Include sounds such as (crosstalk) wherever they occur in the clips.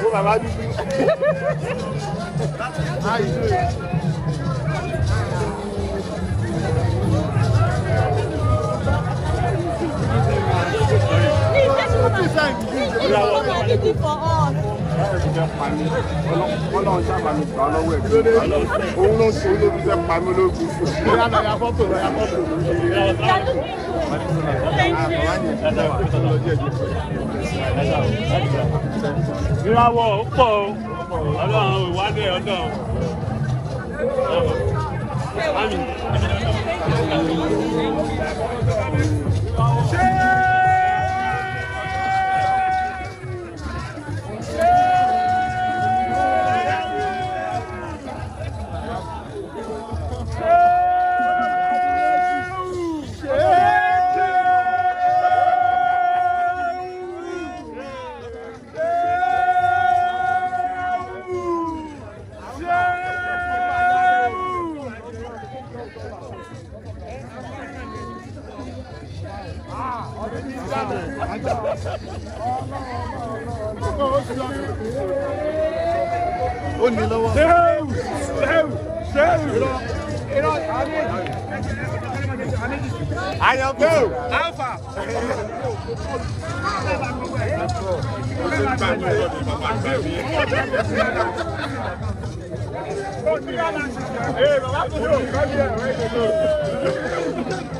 So baba you bring. How you doing? for all. Ọlọ́run sábà mi gbà lọ́wọ́ ẹ̀ òun ló ń ṣe olóbi fẹ́ pa mí lóògùn fún mi. Ìyá náà ya fọ́tò rẹ̀ ya fọ́tò rẹ̀ ìràwọ̀ pọ̀ ọlọ́run ìwádìí ọdọ̀. قلني لو سهو سهو سهو ايه رايك عليه عليه جو انفع ايه بابا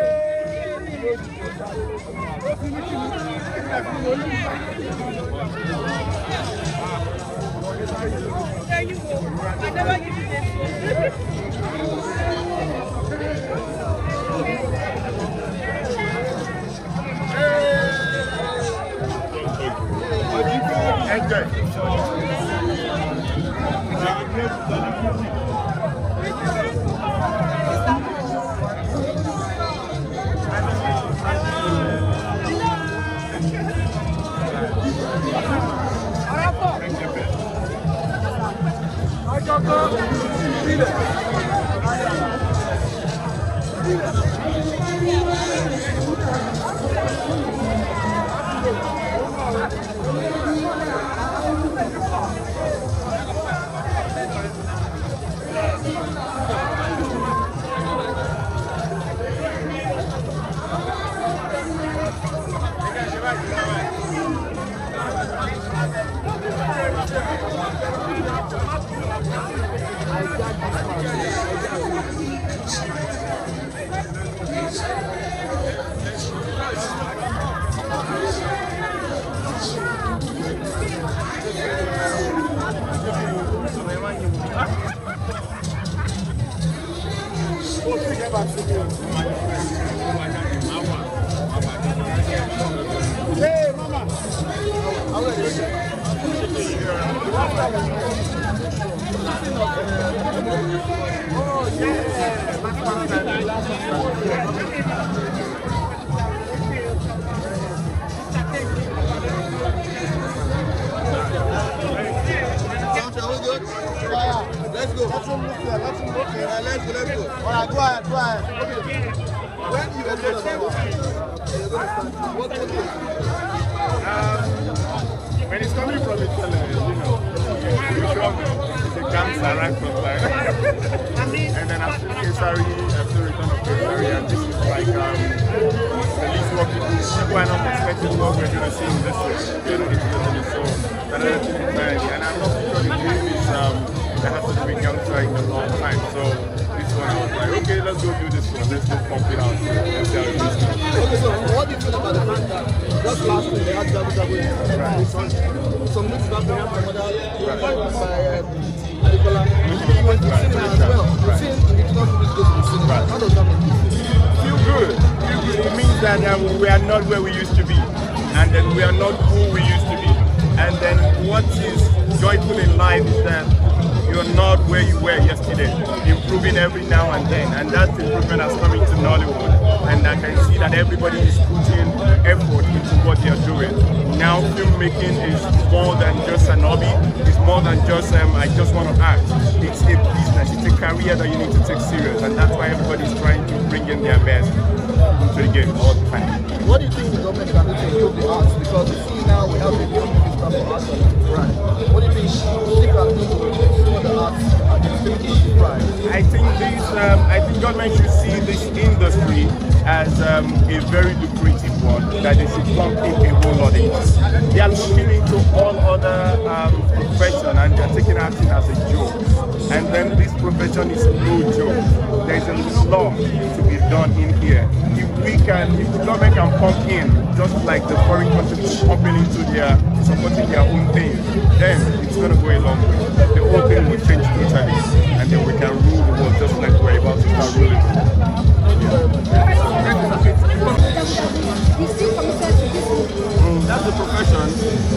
There you go. I never this. العطاء Hey, mama! How are you? Oh, yeah. and I'm not sure the game is um, that has been be counseling a long time. So this one, I was like, okay, let's go do this one. Let's go pump it out. Okay, so what do you feel about the fact that just last week they had double. Jabu right. some weeks back we had another other. uh, Nicola. He went right. right. well. Right. right. how that you feel? Feel good. It means that uh, we are not where we used to be, and that we are not who we used to be. And then what is joyful in life is that you're not where you were yesterday. Improving every now and then. And that improvement has coming to Nollywood. And I can see that everybody is putting effort into what they're doing. Now filmmaking is more than just an hobby. It's more than just, um, I just want to act. It's a business. It's a career that you need to take serious. And that's why everybody's trying to bring in their best to the game all the time. What do you think the government can do to improve the arts? Because we see now we have a new minister for arts. Right. What do you think she can do I think this, um, I think government should see this industry as um, a very lucrative one that they should pump in a whole lot it. They are looking into all other um, profession and they are taking acting as a joke. And then this profession is no joke. There's a lot to be done in here. If we can, if the government can pump in, just like the foreign countries pumping into their, supporting their own thing, then it's going to go a long way. The whole thing will change totally. And then we can rule the world just like we're about to start ruling. Yeah.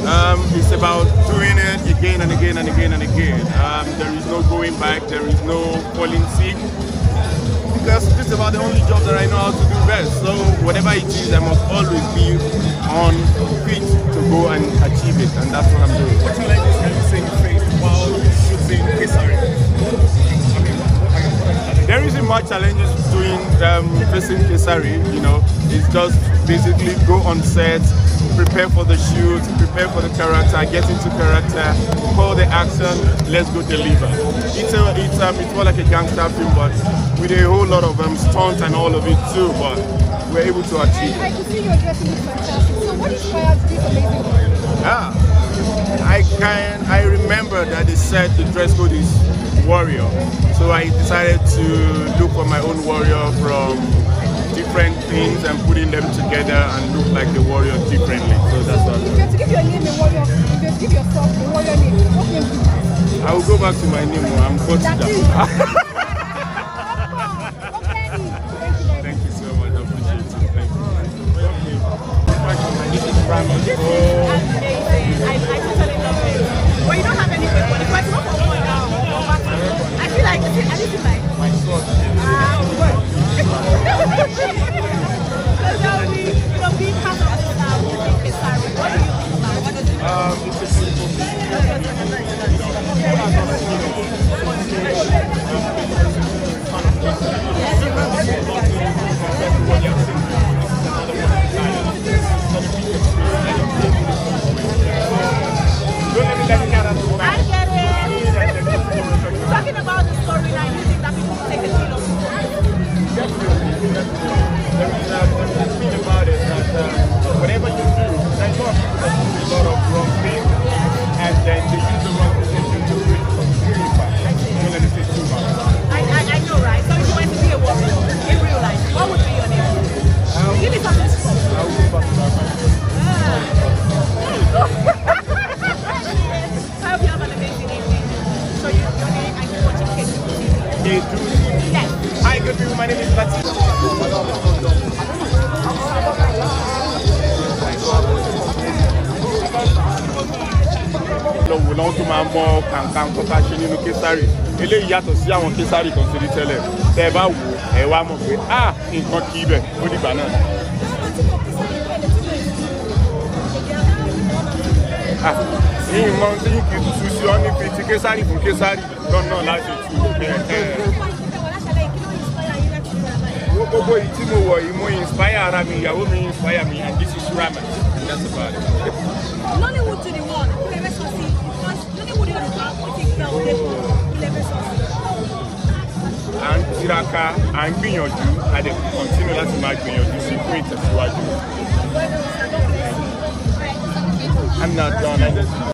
Um, it's about doing it again and again and again and again. Um, there is no going back, there is no falling sick. Because this is about the only job that I know how to do best. So whatever it is, I must always be on feet to go and achieve it. And that's what I'm doing. What challenges you seen you faced while shooting sorry. My challenge challenges doing um, facing Kesari. You know, it's just basically go on set, prepare for the shoot, prepare for the character, get into character, call the action, let's go deliver. It's a, it's um, it's more like a gangster film, but with a whole lot of um, stunt and all of it too. But we're able to achieve. I, I can see you're this fantastic. So what inspired this amazing Yeah, I can. I remember that they said the dress code is warrior. So I decided to look for my own warrior from different things and putting them together and look like the warrior differently. So that's all. If you to give your name a warrior, if you to give yourself a warrior name, what name you I will go back to my name. I'm Kotida. (laughs) mọ kàǹkàǹ tó ká ṣe nínú késàrì eléyìí yàtọ̀ sí àwọn késàrì kan ti rí tẹ́lẹ̀ tẹ́ ẹ bá wò ẹ wá mọ̀ pé a nǹkan kì í bẹ̀ ó dìgbà náà. yìí mọ tí yìí kì í tu sí ọ ní fi késàrì fún késàrì lọ́nà láti tu gbogbo yìí tí mo wọ̀ yìí mo inspire ara mi ìyàwó mi inspire mi and this is ramen that's about it. Nollywood tiraka à ń gbìyànjú a dẹ̀ kọ̀ntínú láti máa gbìyànjú sí fún ìtẹ̀síwájú. I'm not done.